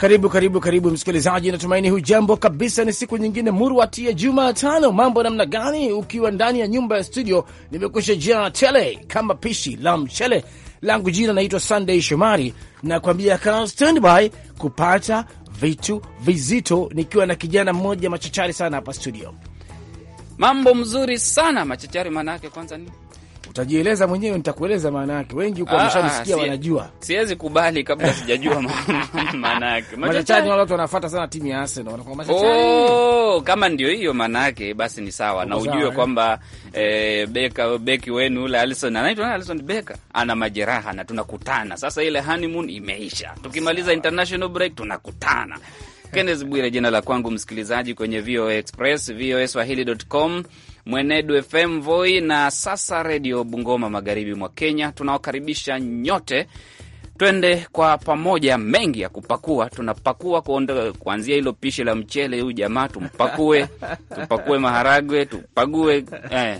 Karibu karibu karibu msikilizaji, natumaini hujambo kabisa. Ni siku nyingine murwati ya Jumatano. Mambo namna gani ukiwa ndani ya nyumba ya studio? Nimekusha jaa tele kama pishi la mchele langu. Jina naitwa Sunday Shomari, nakuambia kaa standby kupata vitu vizito, nikiwa na kijana mmoja machachari sana hapa studio. Mambo mzuri sana machachari, maana kwanza ni Utajieleza mwenyewe, nitakueleza maana yake. Wengi huko ah, wameshanisikia, wanajua. Siwezi kubali kabla sijajua maana yake. Machachani wale watu wanafuata sana timu ya Arsenal, wanakuwa machachani. Oh, kama ndio hiyo maana yake, basi ni sawa. Na ujue eh? kwamba eh, beka beki wenu yule Alisson anaitwa Alisson Beka ana majeraha na tunakutana sasa. Ile honeymoon imeisha, tukimaliza international break tunakutana. Kenneth Bwire jina la kwangu msikilizaji, kwenye VOA Express, voa swahili.com Mwenedu FM Voi na sasa Redio Bungoma magharibi mwa Kenya. Tunawakaribisha nyote, twende kwa pamoja. Mengi ya kupakua, tunapakua kuanzia hilo pishi la mchele. Huyu jamaa tumpakue, tupakue maharagwe, tupague eh.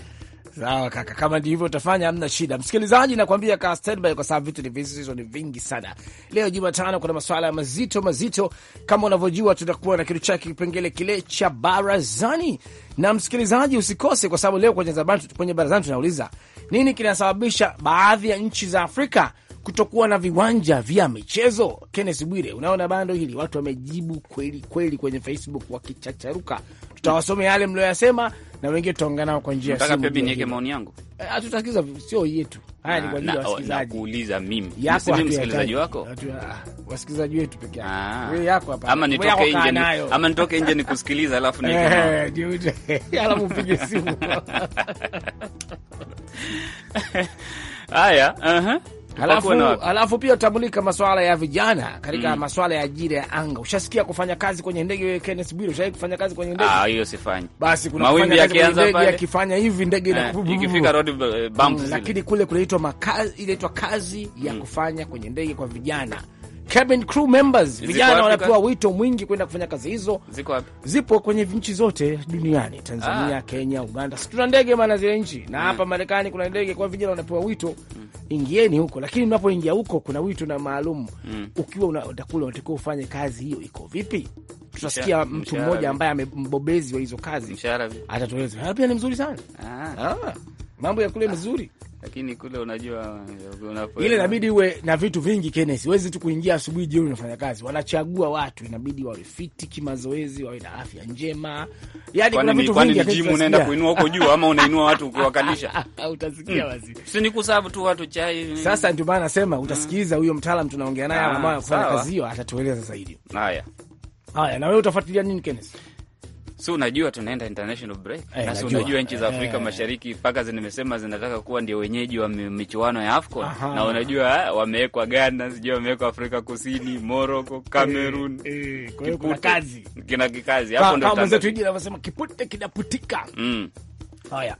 Sawa kaka, kama ndivyo hivyo utafanya, hamna shida. Msikilizaji, nakwambia ka standby, kwa sababu vitu ni vizito, ni vingi sana. Leo Jumatano kuna masuala ya mazito mazito, kama unavyojua, tutakuwa na kitu chake, kipengele kile cha barazani, na msikilizaji, usikose kwa sababu leo kwenye, kwenye barazani tunauliza nini kinasababisha baadhi ya nchi za Afrika kutokuwa na viwanja vya michezo. kennes Bwire, unaona bando hili watu wamejibu kweli kweli kwenye Facebook wakichacharuka. Tutawasomea yale mlioyasema na wengine tutaongea nao kwa njia ya simu. Maoni yangu eh, hatutasikiliza, sio yetu haya, ni kwa ajili ya oh, wasikilizaji. mimi mimi msikilizaji wako, ah, wasikilizaji wetu peke yake, ah. wewe yako hapa, ama nitoke nje, ama nitoke nje nikusikiliza, alafu eh, alafu upige simu haya uh-huh. Alafu, alafu pia utamulika masuala ya vijana katika mm. masuala ya ajira ya anga. Ushasikia kufanya kazi kwenye ndege wewe, Kenneth Bwire, ushawahi kufanya kazi kwenye ndege? Ah, hiyo sifanyi. Basi kuna mawimbi yakianza pale, yakifanya hivi ndege na eh, inakububu. Ikifika road eh, bumps, mm, Lakini kule kunaitwa makazi, inaitwa kazi ya mm. kufanya kwenye ndege kwa vijana cabin crew members, vijana wanapewa wito mwingi kwenda kufanya kazi hizo. Ziko wapi? Zipo kwenye nchi zote duniani, ah. Tanzania, ah, Kenya, Uganda, si tuna ndege maana zile nchi na hmm. hapa Marekani kuna ndege kwa vijana wanapewa wito mm, ingieni huko, lakini unapoingia huko kuna wito na maalum mm, ukiwa unakula unatakiwa ufanye kazi hiyo iko vipi? Tutasikia mtu mmoja ambaye amembobezi wa hizo kazi atatueleza. Pia ni mzuri sana ah, ah. mambo ya kule mzuri ah lakini kule unajua unapo ile inabidi uwe na vitu vingi Kenneth, huwezi tu kuingia asubuhi jioni unafanya kazi. Wanachagua watu, inabidi wawe fiti kimazoezi, wawe na afya njema, yani kuna vitu vingi. Kwani jimu unaenda kuinua huko juu ama unainua watu ukiwakalisha? Utasikia basi mm. wazi, si ni kusabu tu watu chai. Sasa ndio maana nasema utasikiliza huyo mtaalamu tunaongea naye, ambaye ah, anafanya kazi hiyo, atatueleza zaidi. Haya haya, na wewe utafuatilia nini Kenneth? si unajua tunaenda international break eh, na si unajua nchi za Afrika hey, eh. Mashariki mpaka zinimesema zinataka kuwa ndio wenyeji wa michuano ya AFCON na unajua eh, wamewekwa Ghana, sijui wamewekwa Afrika Kusini, Morocco, Cameroon hey, hey, kuna kazi kina kikazi hapo ndio mwenzetu hiji anavyosema kipute kinaputika. Mm, haya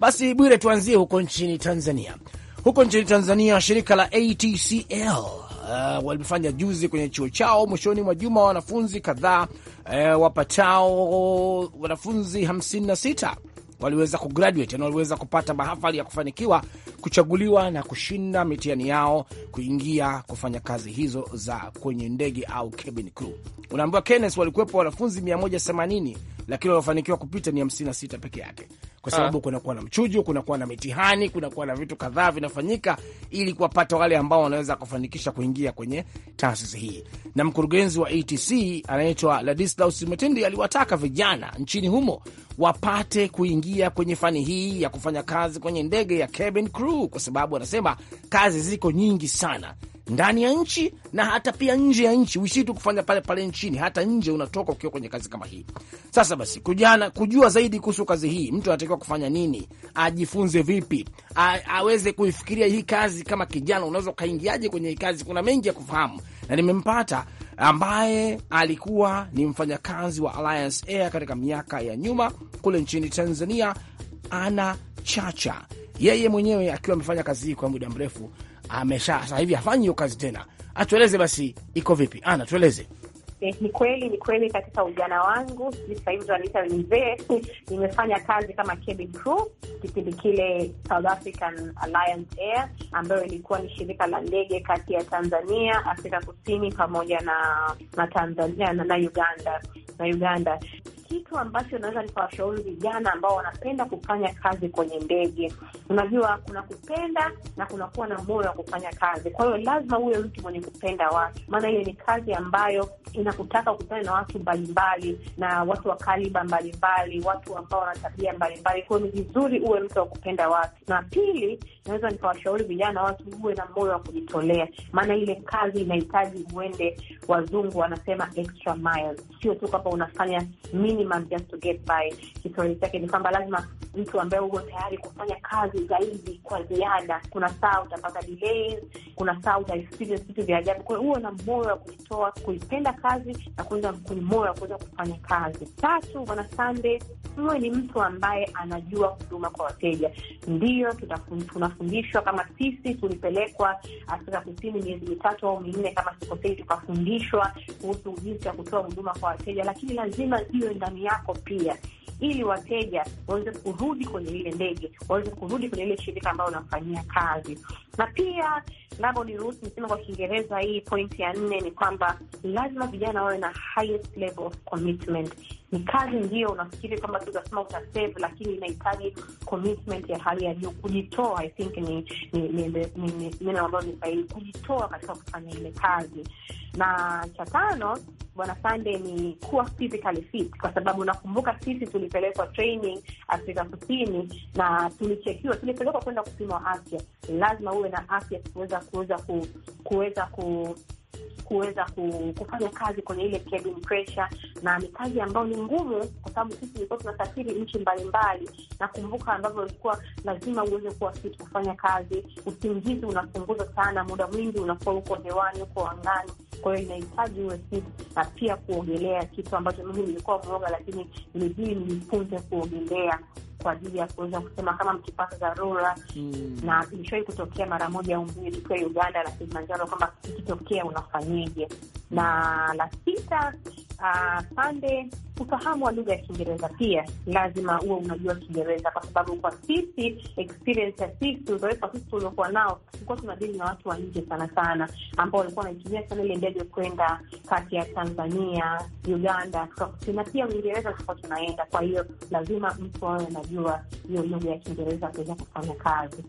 basi, Bwire, tuanzie huko nchini Tanzania. Huko nchini Tanzania, shirika la ATCL uh, walifanya juzi kwenye chuo chao mwishoni mwa juma. Wanafunzi kadhaa uh, wapatao wanafunzi 56 waliweza kugraduate na waliweza kupata mahafali ya kufanikiwa kuchaguliwa na kushinda mitihani yao kuingia kufanya kazi hizo za kwenye ndege au cabin crew. Unaambiwa Kenneth, walikuwepo wanafunzi 180 lakini waliofanikiwa kupita ni 56 peke yake kwa sababu ah. kunakuwa na mchujo, kunakuwa na mitihani, kunakuwa na vitu kadhaa vinafanyika ili kuwapata wale ambao wanaweza kufanikisha kuingia kwenye taasisi hii. Na mkurugenzi wa ATC e anaitwa Ladislaus Matendi aliwataka vijana nchini humo wapate kuingia kwenye fani hii ya kufanya kazi kwenye ndege ya cabin crew, kwa sababu anasema kazi ziko nyingi sana ndani ya nchi na hata pia nje ya nchi. Uishii tu kufanya pale pale nchini, hata nje unatoka ukiwa kwenye kazi kama hii. Sasa basi, kujana kujua zaidi kuhusu kazi hii, mtu anatakiwa kufanya nini, ajifunze vipi, a, aweze kuifikiria hii kazi. Kama kijana unaweza ukaingiaje kwenye hii kazi? Kuna mengi ya kufahamu, na nimempata ambaye alikuwa ni mfanyakazi wa Alliance Air katika miaka ya nyuma kule nchini Tanzania, ana Chacha, yeye mwenyewe akiwa amefanya kazi hii kwa muda mrefu amesha sasa hivi hafanyi hiyo kazi tena. Atueleze basi iko vipi? Ana, tueleze. Eh, ni kweli ni kweli, katika ujana wangu sasa hivi tunaita mzee, nimefanya kazi kama cabin crew kipindi kile South African Alliance Air, ambayo ilikuwa ni shirika la ndege kati ya Tanzania, Afrika Kusini pamoja na na Tanzania na, na Uganda na Uganda kitu ambacho naweza nikawashauri vijana ambao wanapenda kufanya kazi kwenye ndege. Unajua, kuna kupenda na kuwa na moyo wa kufanya kazi. Kwa hiyo lazima uwe mtu mwenye kupenda watu, maana hiyo ni kazi ambayo inakutaka kukutana na watu mbalimbali na watu wa kaliba mbalimbali, watu ambao wana tabia mbalimbali. Kwa hiyo ni vizuri uwe mtu wa kupenda watu. Na pili, naweza nikawashauri vijana watu uwe na moyo wa kujitolea, maana ile kazi inahitaji uende, wazungu wanasema extra mile, sio tu kwamba unafanya mini minimum just to get by. Kiswahili chake ni kwamba lazima mtu ambaye uko tayari kufanya kazi zaidi kwa ziada. Kuna saa utapata delays, kuna saa uta experience vitu vya ajabu. Kwa hiyo huwe na moyo wa kujitoa, kuipenda kazi na kuweza moyo wa kuweza kufanya kazi. Tatu, bwana Sunday, huwe ni mtu ambaye anajua huduma kwa wateja. Ndiyo, tunafundishwa kama sisi tulipelekwa Afrika Kusini miezi mitatu au minne, kama sikosei, tukafundishwa kuhusu jinsi ya kutoa huduma kwa wateja, lakini lazima iwe programu yako pia, ili wateja waweze kurudi kwenye ile ndege, waweze kurudi kwenye ile shirika ambayo unafanyia kazi. Na pia labda niruhusu niseme kwa Kiingereza, hii pointi ya nne ni kwamba lazima vijana wawe na highest level of commitment. Ni kazi ndio unafikiri kwamba tuzasema utasave, lakini inahitaji commitment ya hali ya juu, kujitoa. I think ni neno ambayo ni sahihi, kujitoa katika kufanya ile kazi. Na cha tano Bwana Sande ni kuwa physically fit, kwa sababu nakumbuka sisi tulipelekwa training Afrika Kusini na tulichekiwa, tulipelekwa kwenda kupimwa afya. Lazima uwe na afya kuweza kuweza kuweza ku kuweza kufanya kazi kwenye ile peer pressure, na ni kazi ambayo ni ngumu, kwa sababu sisi tulikuwa tunasafiri nchi mbalimbali. Nakumbuka ambavyo ilikuwa lazima uweze kuwa fit kufanya kazi, usingizi unapunguza sana, muda mwingi unakuwa uko hewani, uko angani, kwa hiyo inahitaji uwe fit, na pia kuogelea, kitu ambacho mimi nilikuwa mwoga, lakini ilibidi nijifunze kuogelea kwa ajili ya kuweza kusema kama mkipata dharura hmm. na ilishawahi kutokea mara moja au mbili tukiwa Uganda na Kilimanjaro, kwamba ikitokea unafanyeje. Hmm. Na la sita uh, pande ufahamu wa lugha ya Kiingereza pia lazima huwe unajua Kiingereza, kwa sababu kwa sisi experience ya sisi, uzoefu wa sisi tuliokuwa nao, tulikuwa tunadili na watu wa nje sana sana, ambao walikuwa wanaitumia sana ile ndege kwenda kati ya Tanzania, Uganda na pia Uingereza tulikuwa tunaenda. Kwa hiyo lazima mtu awe anajua hiyo lugha ya Kiingereza kuweza kufanya kazi.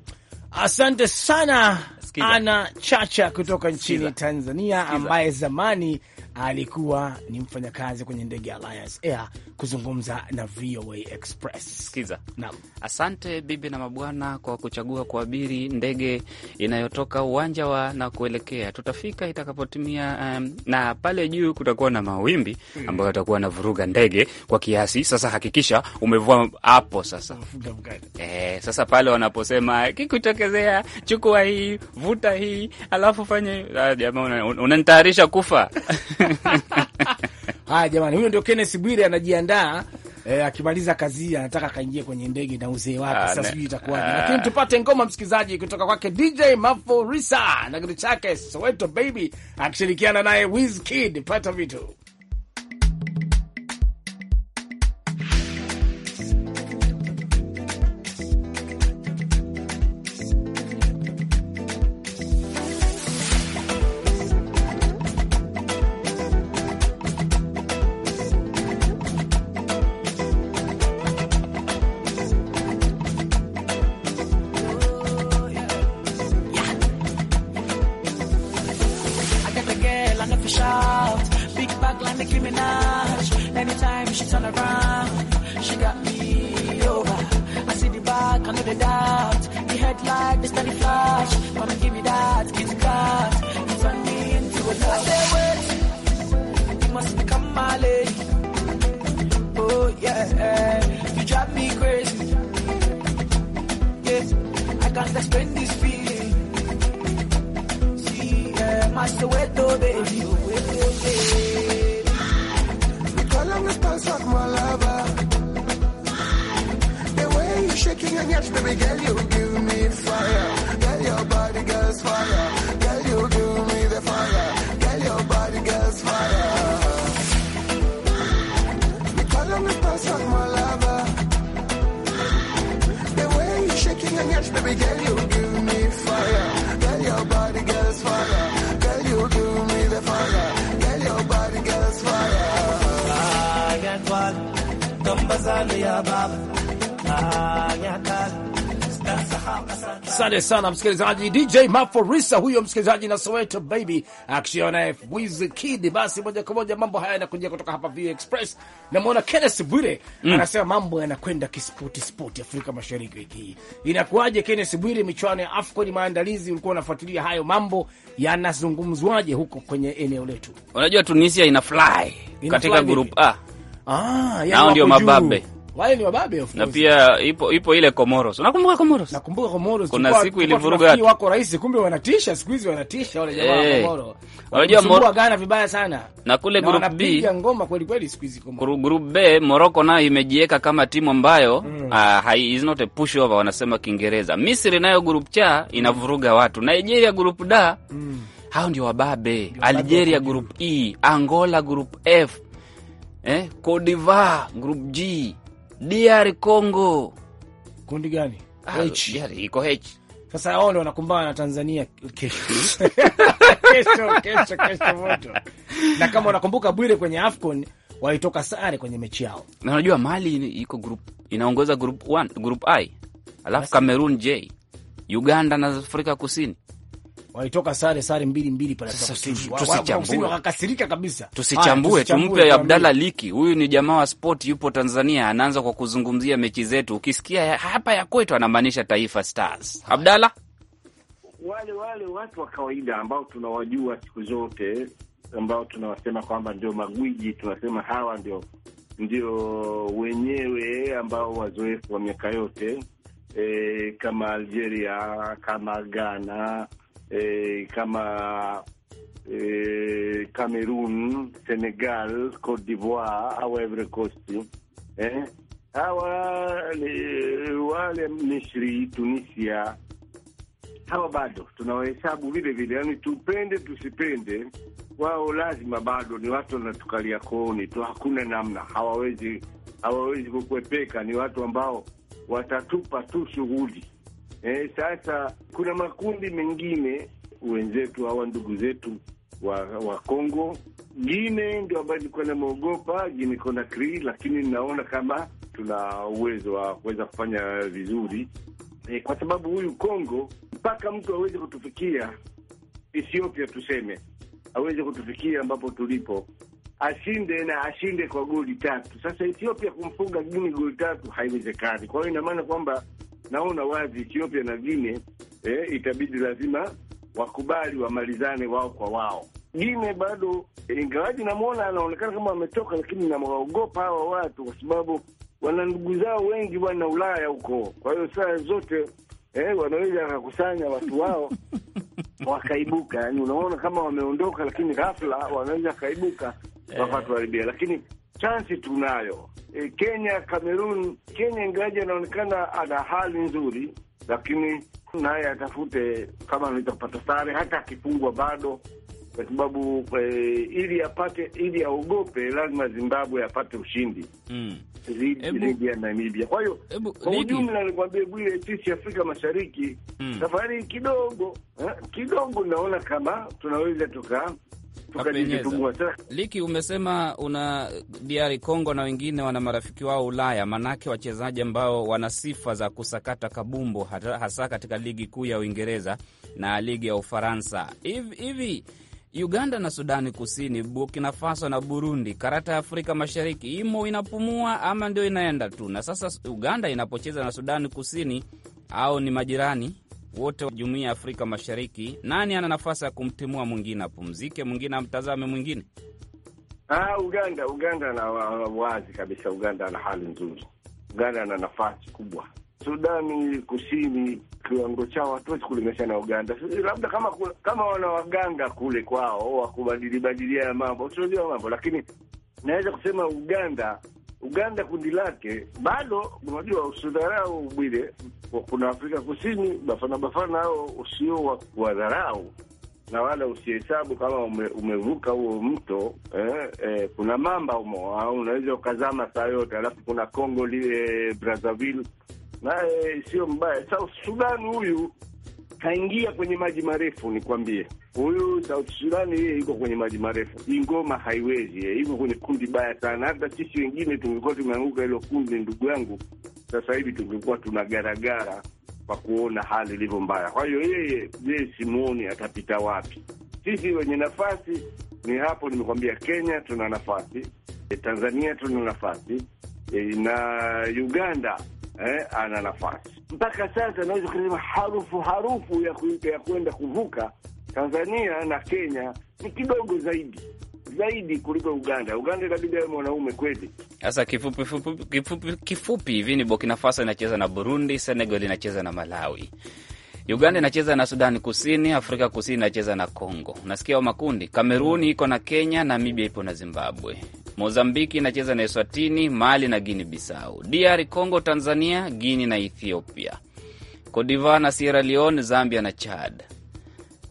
Asante sana Skiza. Ana Chacha kutoka nchini Skiza. Tanzania ambaye zamani alikuwa ni mfanyakazi kwenye ndege ya Alliance Air kuzungumza na VOA Express. Sikiza. Naam. Asante bibi na mabwana kwa kuchagua kuabiri ndege inayotoka uwanja wa na kuelekea tutafika itakapotimia. Um, na pale juu kutakuwa na mawimbi hmm. ambayo yatakuwa na vuruga ndege kwa kiasi. Sasa hakikisha umevua hapo sasa. E, sasa pale wanaposema kikutaka kuongezea, chukua hii, vuta hii, alafu fanye. Jamaa, unanitayarisha kufa. Haya jamani, huyo ndio Kenneth Bwire anajiandaa E, akimaliza kazi hii anataka akaingie kwenye ndege na uzee wake. Ah, Sasa sijui itakuwaje, ah. lakini tupate ngoma msikilizaji, kutoka kwake DJ Maforisa na kitu chake Soweto Baby akishirikiana naye Wizkid. Pata vitu to shout. Big back like Nicki Minaj. Anytime she turn around, she got me over. I see the back, I know the doubt. The headlight, the steady flash. Mama, give me that, give me that. You turn me into a love. I say, wait, you must become my lady. Oh, yeah, you drive me crazy. Yeah, I can't explain this feeling my Soweto, baby. You call on the stars of my lover. The way you shaking and yes, baby girl, you give me fire. Girl, your body girls fire. Girl, you give me the fire. Girl, your body girls fire. You call on the stars of my lover. The way you shaking and yes, baby girl, you give Asante sana msikilizaji. DJ Maforisa huyo msikilizaji na Soweto baby akishia naye Wizkid. Basi moja kwa moja mambo haya yanakuja kutoka hapa VOA Express. Namwona Kenneth Bwire mm, anasema mambo yanakwenda kispoti spoti Afrika Mashariki wiki hii inakuwaje? Kenneth Bwire, michuano ya AFCON maandalizi, ulikuwa unafuatilia hayo mambo yanazungumzwaje huko kwenye eneo letu? Unajua Tunisia ina fly katika group A Ah, ndio mababe wale ni wababe of course. Na pia ipo ipo ile Comoros. Unakumbuka Comoros? Nakumbuka Comoros. Kuna siku ilivuruga wako rais, kumbe wanatisha, siku hizi wanatisha wale jamaa hey, wa Comoros. Eh. Unajua Morocco gana vibaya sana. Na kule na group B. Wanapiga ngoma kweli kweli siku hizi Comoros. Group B Morocco nayo imejiweka kama timu ambayo mm, uh, hai, is not a push over wanasema Kiingereza. Misri nayo group C inavuruga watu. Nigeria group D Mm. Hao ndio wababe. Algeria group E, Angola group F eh, Cote d'Ivoire group G, DR Congo. Kundi gani? Ah, H. Yari, iko H. Sasa hao ndio wanakumbana na Tanzania kesho. kesho kesho kesho moto. Na kama unakumbuka Bwire, kwenye AFCON walitoka sare kwenye mechi yao. Na unajua Mali iko group inaongoza group 1, group I. Alafu Cameroon J, Uganda na Afrika Kusini walitoka sare sare mbili mbili pale wakakasirika kabisa. Tusichambue, tumpe Abdalla Liki. Huyu ni jamaa wa sport, yupo Tanzania, anaanza kwa kuzungumzia mechi zetu. Ukisikia hapa ya kwetu, anamaanisha Taifa Stars. Abdalla, wale wale watu wa kawaida ambao tunawajua siku zote, ambao tunawasema kwamba ndio magwiji, tunasema hawa ndio ndio wenyewe ambao wazoefu wa miaka yote e, kama Algeria, kama Ghana e, kama e, Cameroon, Senegal, Cote d'Ivoire au Ivory Coast eh? hawa wale Misri, Tunisia, hawa bado tunawahesabu vile vile, yani tupende tusipende, wao lazima bado ni watu wanatukalia kooni tu, hakuna namna, hawawezi hawawezi kukwepeka, ni watu ambao watatupa tu shughuli E, sasa kuna makundi mengine wenzetu hawa ndugu zetu wa wa Kongo Gine ndio ambayo ilikuwa nameogopa Gine Konakri, lakini naona kama tuna uwezo wa kuweza kufanya vizuri e, kwa sababu huyu Kongo mpaka mtu aweze kutufikia Ethiopia, tuseme aweze kutufikia ambapo tulipo, ashinde na ashinde kwa goli tatu. Sasa Ethiopia kumfunga Gini goli tatu haiwezekani. Kwa hiyo ina maana kwamba naona wazi Ethiopia na guine eh, itabidi lazima wakubali wamalizane wao kwa wao. Guinea bado eh, ingawaji namwona anaonekana kama ametoka, lakini nawaogopa hawa watu kwa sababu wana ndugu zao wengi wana Ulaya huko, kwa hiyo saa zote eh, wanaweza wakakusanya watu wao wakaibuka. Yani unaona kama wameondoka, lakini ghafla wanaweza wakaibuka eh. wakatuharibia, lakini chansi tunayo. E, Kenya, kamerun Kenya ingaji anaonekana ana hali nzuri, lakini naye atafute kama anaweza kupata sare, hata akifungwa bado kwa sababu e, ili apate ili aogope lazima Zimbabwe apate ushindi mm. ya Namibia. Kwa hiyo kwa ujumla, nikwambie Bwile, sisi Afrika Mashariki mm. safari kidogo eh, kidogo naona kama tunaweza tuka Liki, umesema una DR Congo na wengine wana marafiki wao Ulaya, manake wachezaji ambao wana sifa za kusakata kabumbu hasa katika ligi kuu ya Uingereza na ligi ya Ufaransa. Hivi hivi Uganda na Sudani Kusini, Burkina Faso na Burundi, karata ya Afrika Mashariki imo inapumua ama ndio inaenda tu? Na sasa Uganda inapocheza na Sudani Kusini au ni majirani wote wa jumuiya ya Afrika Mashariki, nani ana nafasi ya kumtimua mwingine apumzike, mwingine amtazame mwingine? Ah, Uganda Uganda na wazi kabisa, Uganda ana hali nzuri, Uganda ana nafasi kubwa. Sudani Kusini kiwango chao hatuwezi kulinganisha na Uganda, labda kama kama wana waganga kule kwao wakubadilibadilia ya mambo, tunajua mambo, lakini naweza kusema Uganda Uganda kundi lake bado, unajua usidharau Bwile, kuna Afrika Kusini Bafana Bafana hao usio wadharau na wala usihesabu kama ume, umevuka huo mto eh, eh, kuna mamba umo au unaweza ukazama saa yote. Alafu kuna Kongo lile eh, Brazzaville naye eh, sio mbaya. South Sudan huyu kaingia kwenye maji marefu. Nikwambie, huyu South Sudani yeye yuko kwenye maji marefu. Hii ngoma haiwezi, iko yuko kwenye kundi baya sana. Hata sisi wengine tungekuwa tumeanguka hilo kundi, ndugu yangu, sasa hivi tungekuwa tuna garagara kwa kuona hali ilivyo mbaya. Kwa hiyo yeye, yeye simuoni atapita wapi. Sisi wenye nafasi ni hapo, nimekwambia, Kenya tuna nafasi, Tanzania tuna nafasi eh, na Uganda eh, ana nafasi mpaka sasa. Naweza kusema harufu harufu ya kwenda kuvuka Tanzania na Kenya ni kidogo zaidi zaidi kuliko Uganda. Uganda inabidi awe mwanaume kweli. Sasa kifupi fupi, kifupi kifupi hivi ni Burkina Faso inacheza na Burundi, Senegal inacheza na Malawi, Uganda inacheza na Sudani Kusini, Afrika Kusini inacheza na Congo, unasikia makundi. Kameruni iko na Kenya, Namibia ipo na Zimbabwe. Mozambiki inacheza na Eswatini, Mali na guini bisau DR Congo, Tanzania, guini na Ethiopia, Codiva na Sierra Leone, Zambia na Chad,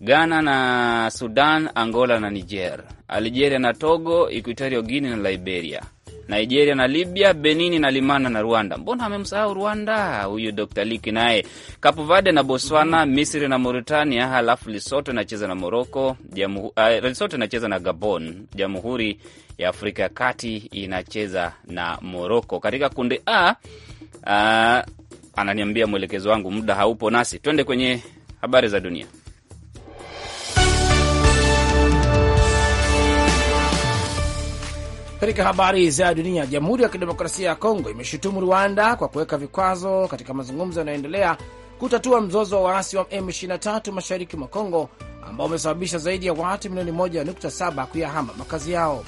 Ghana na Sudan, Angola na Niger, Algeria na Togo, Equatorio guini na Liberia, Nigeria na Libya, Benini na Limana na Rwanda. Mbona amemsahau Rwanda huyu Dr Liki? Naye Cape Verde na Botswana, Misri na Mauritania, halafu Lisoto inacheza na Moroko, ah, Lisoto inacheza na Gabon, Jamhuri ya Afrika ya Kati inacheza na Moroko. Katika kundi A, a ah, ananiambia mwelekezo wangu muda haupo, nasi twende kwenye habari za dunia. Katika habari za dunia, Jamhuri ya Kidemokrasia ya Kongo imeshutumu Rwanda kwa kuweka vikwazo katika mazungumzo yanayoendelea kutatua mzozo wa waasi wa M23 mashariki mwa Kongo ambao umesababisha zaidi ya watu milioni 1.7 kuyahama makazi yao.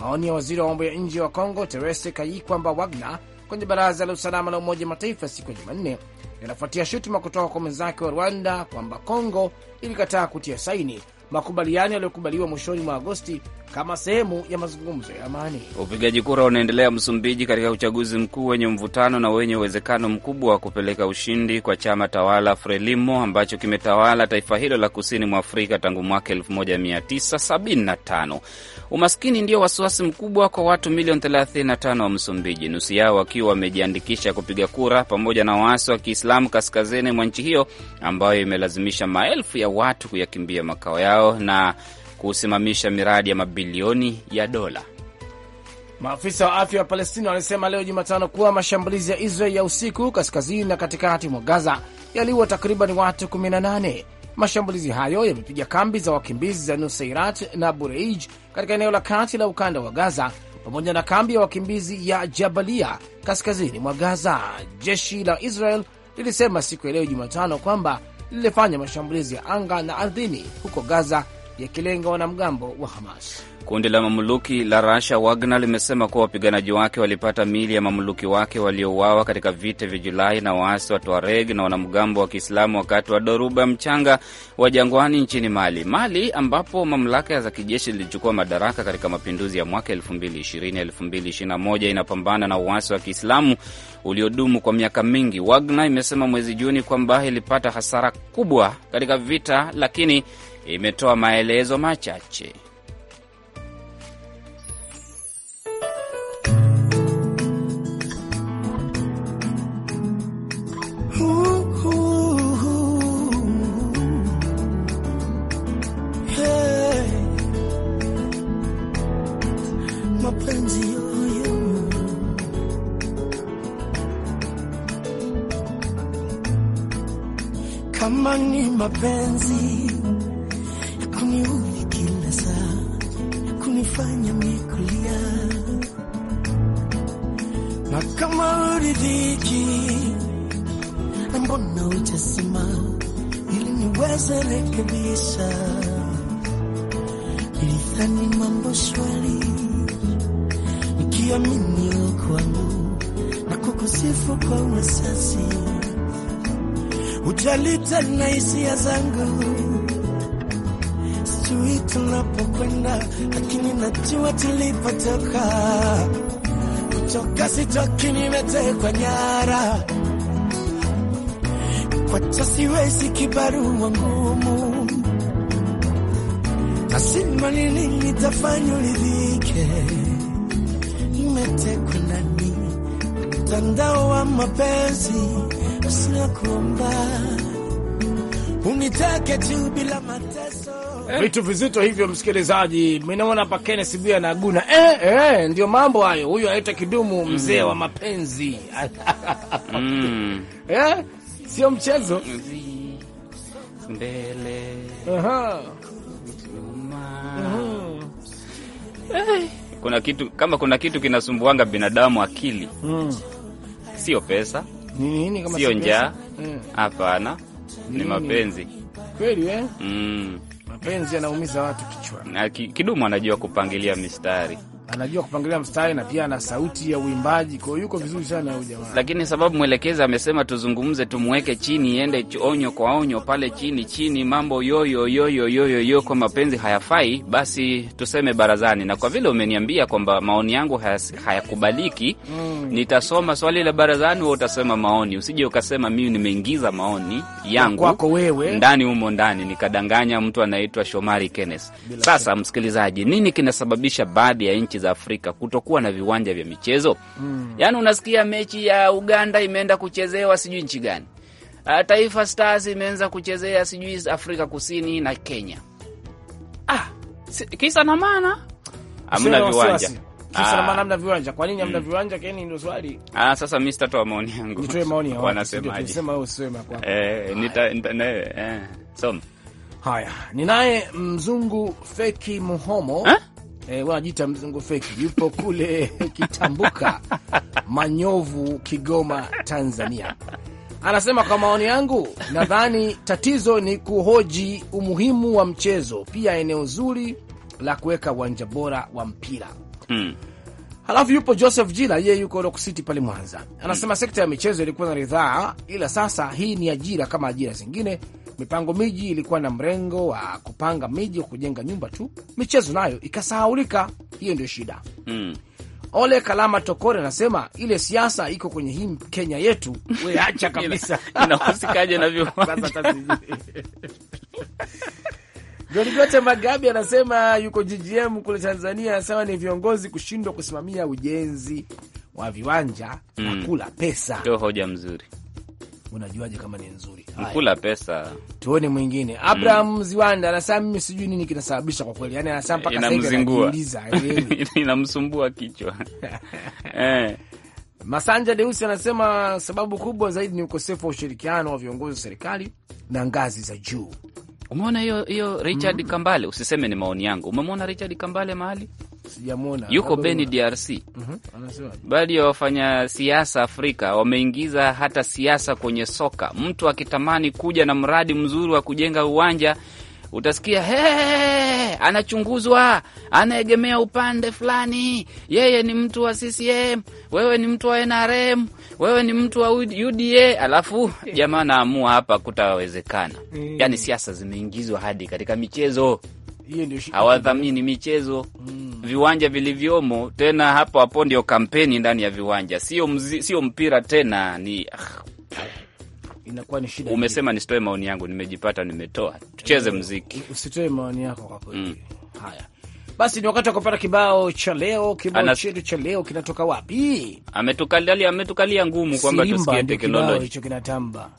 Maoni ya waziri wa mambo ya nje wa Kongo Terese Kayi kwamba Wagner kwenye Baraza la Usalama la Umoja Mataifa siku ya Jumanne yanafuatia shutuma kutoka kwa mwenzake wa Rwanda kwamba Kongo ilikataa kutia saini makubaliano yaliyokubaliwa mwishoni mwa Agosti kama sehemu ya mazungumzo ya amani. Upigaji kura unaendelea Msumbiji katika uchaguzi mkuu wenye mvutano na wenye uwezekano mkubwa wa kupeleka ushindi kwa chama tawala Frelimo ambacho kimetawala taifa hilo la kusini mwa Afrika tangu mwaka 1975. Umaskini ndio wasiwasi mkubwa kwa watu milioni 35 wa Msumbiji, nusu yao wakiwa wamejiandikisha kupiga kura, pamoja na waasi wa Kiislamu kaskazini mwa nchi hiyo ambayo imelazimisha maelfu ya watu kuyakimbia makao yao na kusimamisha miradi ya mabilioni ya dola. Maafisa wa afya wa Palestina walisema leo Jumatano kuwa mashambulizi ya Israel ya usiku kaskazini na katikati mwa Gaza yaliuwa takriban watu 18. Mashambulizi hayo yamepiga kambi za wakimbizi za Nusairat na Bureij katika eneo la kati la ukanda wa Gaza pamoja na kambi ya wakimbizi ya Jabalia kaskazini mwa Gaza. Jeshi la Israel lilisema siku ya leo Jumatano kwamba lilifanya mashambulizi ya anga na ardhini huko Gaza yakilenga wanamgambo wa Hamas. Kundi la mamluki la Rasha Wagner limesema kuwa wapiganaji wake walipata mili ya mamluki wake waliouawa katika vita vya Julai na waasi wa Tuareg na wanamgambo wa Kiislamu wakati wa dhoruba mchanga wa jangwani nchini Mali. Mali ambapo mamlaka za kijeshi zilichukua madaraka katika mapinduzi ya mwaka 2020-2021 inapambana na uasi wa Kiislamu uliodumu kwa miaka mingi. Wagner imesema mwezi Juni kwamba ilipata hasara kubwa katika vita, lakini imetoa maelezo machache. Kama ni mapenzi kama uridhiki, mbona utasema ili niweze rekebisha? Nilidhani mambo shwari, nikiamini kwangu na kukusifu kwa uasasi, ujali tena hisia zangu sijui tunapokwenda, lakini najua tulipotoka Choka sitoki, nimetekwa nyara kwa tasiwezi, kibarua ngumu nasima, ni nini tafanya uridhike? Nimetekwa nani? Mtandao wa mapenzi usinakuomba unitake tu bila mateso. Eh. Vitu vizito hivyo, msikilizaji, minaona hapa Kenneth Bwire anaguna Guna eh, eh, ndio mambo hayo. Huyu anaita Kidumu, mm. mzee wa mapenzi mm. eh, sio mchezo mbele aha eh. kuna kitu kama kuna kitu kinasumbuanga binadamu akili mm. Sio pesa nini, kama sio njaa eh. hapana, Ni mapenzi kweli eh? mm mapenzi yanaumiza watu kichwa, na kidumu anajua kupangilia mistari anajua kupangilia mstari na pia ana sauti ya uimbaji, kwa hiyo yuko vizuri sana huyu jamaa. Lakini sababu mwelekezi amesema tuzungumze, tumweke chini, iende onyo kwa onyo pale chini chini, mambo yoyo yoyo yoyo yoyo kwa mapenzi hayafai, basi tuseme barazani. Na kwa vile umeniambia kwamba maoni yangu hayakubaliki, mm, nitasoma swali la barazani, wewe utasema maoni, usije ukasema mimi nimeingiza maoni yangu kwako wewe ndani humo ndani, nikadanganya mtu anaitwa Shomari Kenneth. Sasa msikilizaji, nini kinasababisha baadhi ya nchi nchi za Afrika kutokuwa na viwanja vya michezo mm. Yaani unasikia mechi ya Uganda imeenda kuchezewa sijui nchi gani, ah, Taifa Stars imeanza kuchezea sijui Afrika Kusini na Kenya. Ah, kisa na maana hamna viwanja ah. Amna viwanja. Kwa nini hamna mm. viwanja? Keni ndio swali. Ah, sasa mimi sitatoa maoni yangu. Nitoe maoni yangu. Wanasemaje? Nisema wewe useme kwa. Eh, nita eh, Som. Haya, ninaye mzungu Feki Muhomo. Ha? Eh? eh, wanajiita mzungu feki yupo kule Kitambuka Manyovu, Kigoma, Tanzania. Anasema kwa maoni yangu, nadhani tatizo ni kuhoji umuhimu wa mchezo, pia eneo zuri la kuweka uwanja bora wa mpira hmm. Halafu yupo Joseph Jila, yeye yuko Rock City pale Mwanza, anasema hmm. sekta ya michezo ilikuwa na ridhaa, ila sasa hii ni ajira kama ajira zingine Mipango miji ilikuwa na mrengo wa kupanga miji wa kujenga nyumba tu, michezo nayo ikasahaulika. Hiyo ndio shida mm. Ole Kalama Tokore anasema ile siasa iko kwenye hii Kenya yetu, we acha kabisa inahusikaje na Goligote Magabi anasema yuko GGM kule Tanzania, anasema ni viongozi kushindwa kusimamia ujenzi wa viwanja mm. na hmm. kula pesa. hoja mzuri. Unajuaje kama ni nzuri? mkula pesa. Tuone mwingine. Mm. Abraham mm. Ziwanda anasema mimi sijui nini kinasababisha kwa kweli, yani anasema mpaka sasa inamsumbua kichwa eh. Masanja Deusi anasema sababu kubwa zaidi ni ukosefu wa ushirikiano wa viongozi wa serikali na ngazi za juu. Umeona hiyo hiyo Richard mm. Kambale, usiseme ni maoni yangu. Umemwona Richard Kambale mahali Sijamwona. Yuko Beni, DRC. mm -hmm. Baadhi ya wafanya siasa Afrika wameingiza hata siasa kwenye soka. Mtu akitamani kuja na mradi mzuri wa kujenga uwanja utasikia hey, anachunguzwa, anaegemea upande fulani, yeye ni mtu wa CCM, wewe ni mtu wa NRM, wewe ni mtu wa UDA, alafu jamaa anaamua hapa kutawezekana. Mm. yani siasa zimeingizwa hadi katika michezo hawadhamini michezo mm. viwanja vilivyomo tena hapo hapo ndio kampeni ndani ya viwanja, sio mzi, sio mpira tena ni ah. inakuwa ni shida. Umesema nisitoe maoni yangu, nimejipata nimetoa. Tucheze eh, mziki, usitoe maoni yako kwa kweli. Hmm. Haya basi, ni wakati wa kupata kibao cha leo. Kibao Anas... chetu cha leo kinatoka wapi? Ametukalia, ametukalia ngumu kwamba tusikie teknolojia, hicho kinatamba.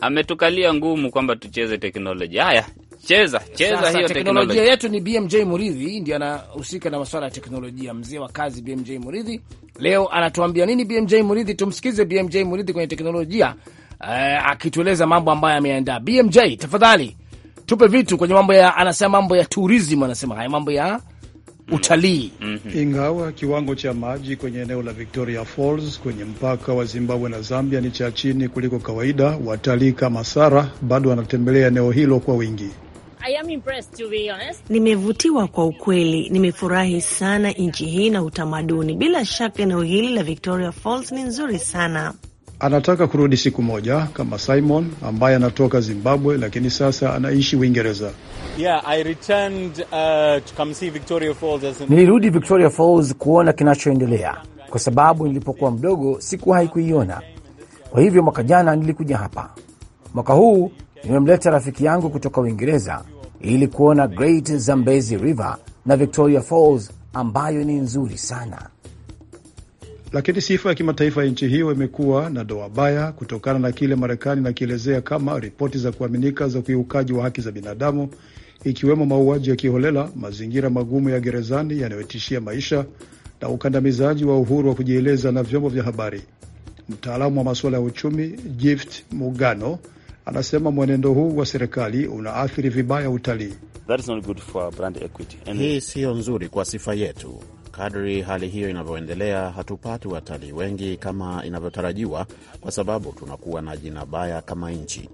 Ametukalia ngumu kwamba tucheze teknolojia. Haya, cheza cheza sasa, hiyo teknolojia yetu ni BMJ Muridhi ndio anahusika na masuala ya teknolojia, mzee wa kazi BMJ Muridhi. Leo anatuambia nini BMJ Muridhi? Tumsikize BMJ Muridhi kwenye teknolojia uh, akitueleza mambo ambayo ameandaa. BMJ, tafadhali tupe vitu kwenye mambo ya, anasema mambo ya tourism, anasema haya mambo ya utalii mm -hmm. Ingawa kiwango cha maji kwenye eneo la Victoria Falls kwenye mpaka wa Zimbabwe na Zambia ni cha chini kuliko kawaida, watalii kama Sara bado wanatembelea eneo hilo kwa wingi. I am impressed to be honest. Nimevutiwa kwa ukweli, nimefurahi sana nchi hii na utamaduni. Bila shaka eneo hili la Victoria Falls ni nzuri sana. Anataka kurudi siku moja kama Simon ambaye anatoka Zimbabwe lakini sasa anaishi Uingereza. Yeah, I returned, uh, to come see Victoria Falls as Nilirudi Victoria Falls kuona kinachoendelea kwa sababu nilipokuwa mdogo sikuwahi kuiona. Kwa hivyo mwaka jana nilikuja hapa, mwaka huu nimemleta rafiki yangu kutoka Uingereza ili kuona Great Zambezi River na Victoria Falls ambayo ni nzuri sana. Lakini sifa ya kimataifa ya nchi hiyo imekuwa na doa baya kutokana na kile Marekani inakielezea kama ripoti za kuaminika za ukiukaji wa haki za binadamu, ikiwemo mauaji ya kiholela, mazingira magumu ya gerezani yanayotishia maisha na ukandamizaji wa uhuru wa kujieleza na vyombo vya habari. Mtaalamu wa masuala ya uchumi Gift Mugano anasema mwenendo huu wa serikali unaathiri vibaya utalii. Hii siyo nzuri kwa sifa yetu. Kadri hali hiyo inavyoendelea, hatupati watalii wengi kama inavyotarajiwa, kwa sababu tunakuwa na jina baya kama nchi.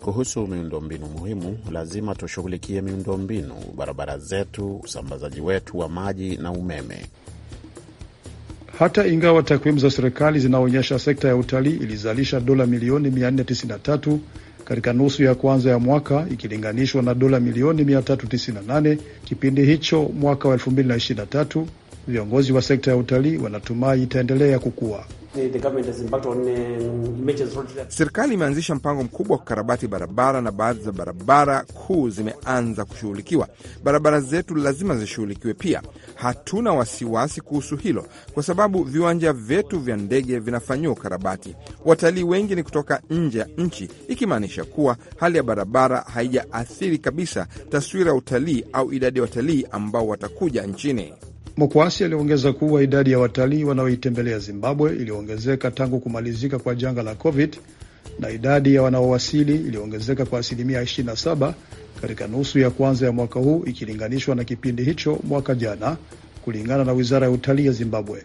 Kuhusu miundombinu muhimu, lazima tushughulikie miundombinu, barabara zetu, usambazaji wetu wa maji na umeme. Hata ingawa takwimu za serikali zinaonyesha sekta ya utalii ilizalisha dola milioni 493 katika nusu ya kwanza ya mwaka ikilinganishwa na dola milioni 398 kipindi hicho mwaka wa 2023. Viongozi wa sekta ya utalii wanatumai itaendelea kukua. Um, Serikali imeanzisha mpango mkubwa wa kukarabati barabara na baadhi za barabara kuu zimeanza kushughulikiwa. Barabara zetu lazima zishughulikiwe pia. Hatuna wasiwasi kuhusu hilo, kwa sababu viwanja vyetu vya ndege vinafanyiwa ukarabati. Watalii wengi ni kutoka nje ya nchi, ikimaanisha kuwa hali ya barabara haijaathiri kabisa taswira ya utalii au idadi ya watalii ambao watakuja nchini. Mokwasi aliongeza kuwa idadi ya watalii wanaoitembelea Zimbabwe iliongezeka tangu kumalizika kwa janga la COVID na idadi ya wanaowasili iliongezeka kwa asilimia 27 katika nusu ya kwanza ya mwaka huu ikilinganishwa na kipindi hicho mwaka jana, kulingana na wizara ya utalii ya Zimbabwe.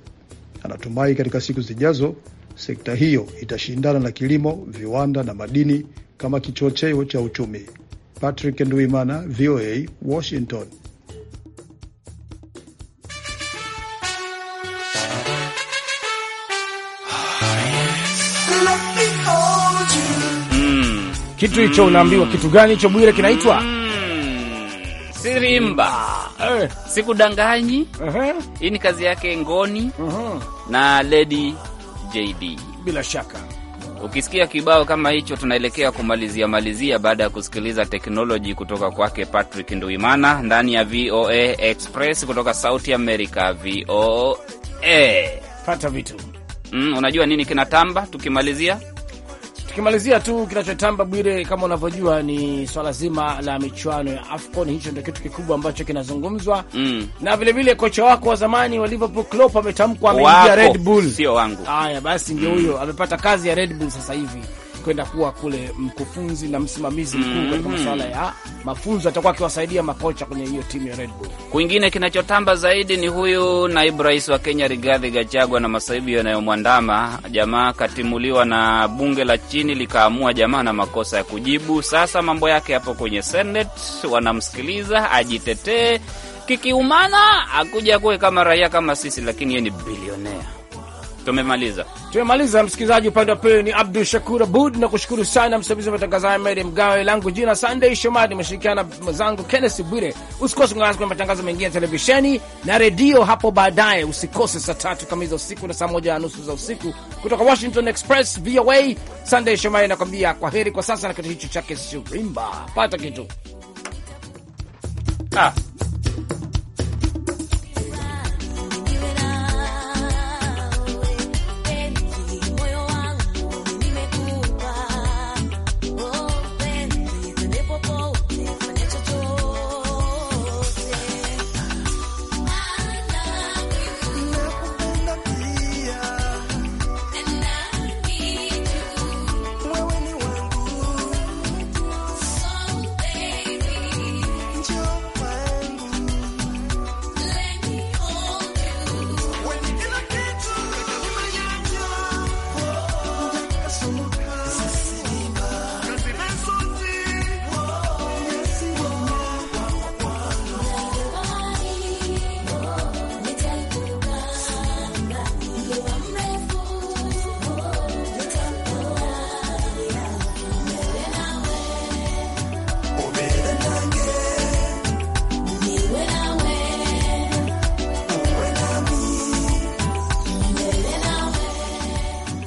Anatumai katika siku zijazo sekta hiyo itashindana na kilimo, viwanda na madini kama kichocheo cha uchumi. Patrick Nduimana, VOA, Washington. Kitu hicho unaambiwa kitu gani hicho Bwire? Kinaitwa hmm, sirimba eh. Sikudanganyi eh. Hii ni kazi yake Ngoni uh -huh. na Lady JD. Bila shaka ukisikia kibao kama hicho, tunaelekea kumalizia malizia baada ya kusikiliza teknoloji kutoka kwake Patrick Nduimana ndani ya VOA Express kutoka Sauti America. VOA pata vitu mm, unajua nini kinatamba tukimalizia tukimalizia tu kinachotamba Bwire, kama unavyojua ni swala zima la michuano ya AFCON. Hicho ndio kitu kikubwa ambacho kinazungumzwa mm. na vilevile kocha wako wa zamani wa Liverpool Klopp ametamkwa ameingia Red Bull, sio wangu. Haya basi, ndio huyo mm. amepata kazi ya Red Bull sasa hivi kwenda kuwa kule mkufunzi na msimamizi mkuu mm -hmm. katika mhm. masuala ya mafunzo, atakuwa akiwasaidia makocha kwenye hiyo timu ya Red Bull. Kwingine kinachotamba zaidi ni huyu naibu rais wa Kenya Rigathi Gachagua na masaibu yanayomwandama jamaa. Katimuliwa na bunge la chini likaamua jamaa na makosa ya kujibu. Sasa mambo yake yapo kwenye Senate, wanamsikiliza ajitetee, kikiumana akuja kuwe kama raia kama sisi, lakini yeye ni bilionea Tumemaliza, tumemaliza. Msikilizaji upande wa pili ni Abdu Shakur Abud na kushukuru sana msimamizi wa matangazo haya Mary Mgawe, langu jina Sunday Shomari, meshirikiana na mwenzangu Kennes Bwire. Usikose kuangalia kwenye matangazo mengine ya televisheni na redio hapo baadaye. Usikose saa tatu kamili za usiku na saa moja na nusu za usiku kutoka Washington Express VOA. Sunday Shomari anakwambia kwa heri kwa sasa na kitu hicho chake rimba, pata kitu ah.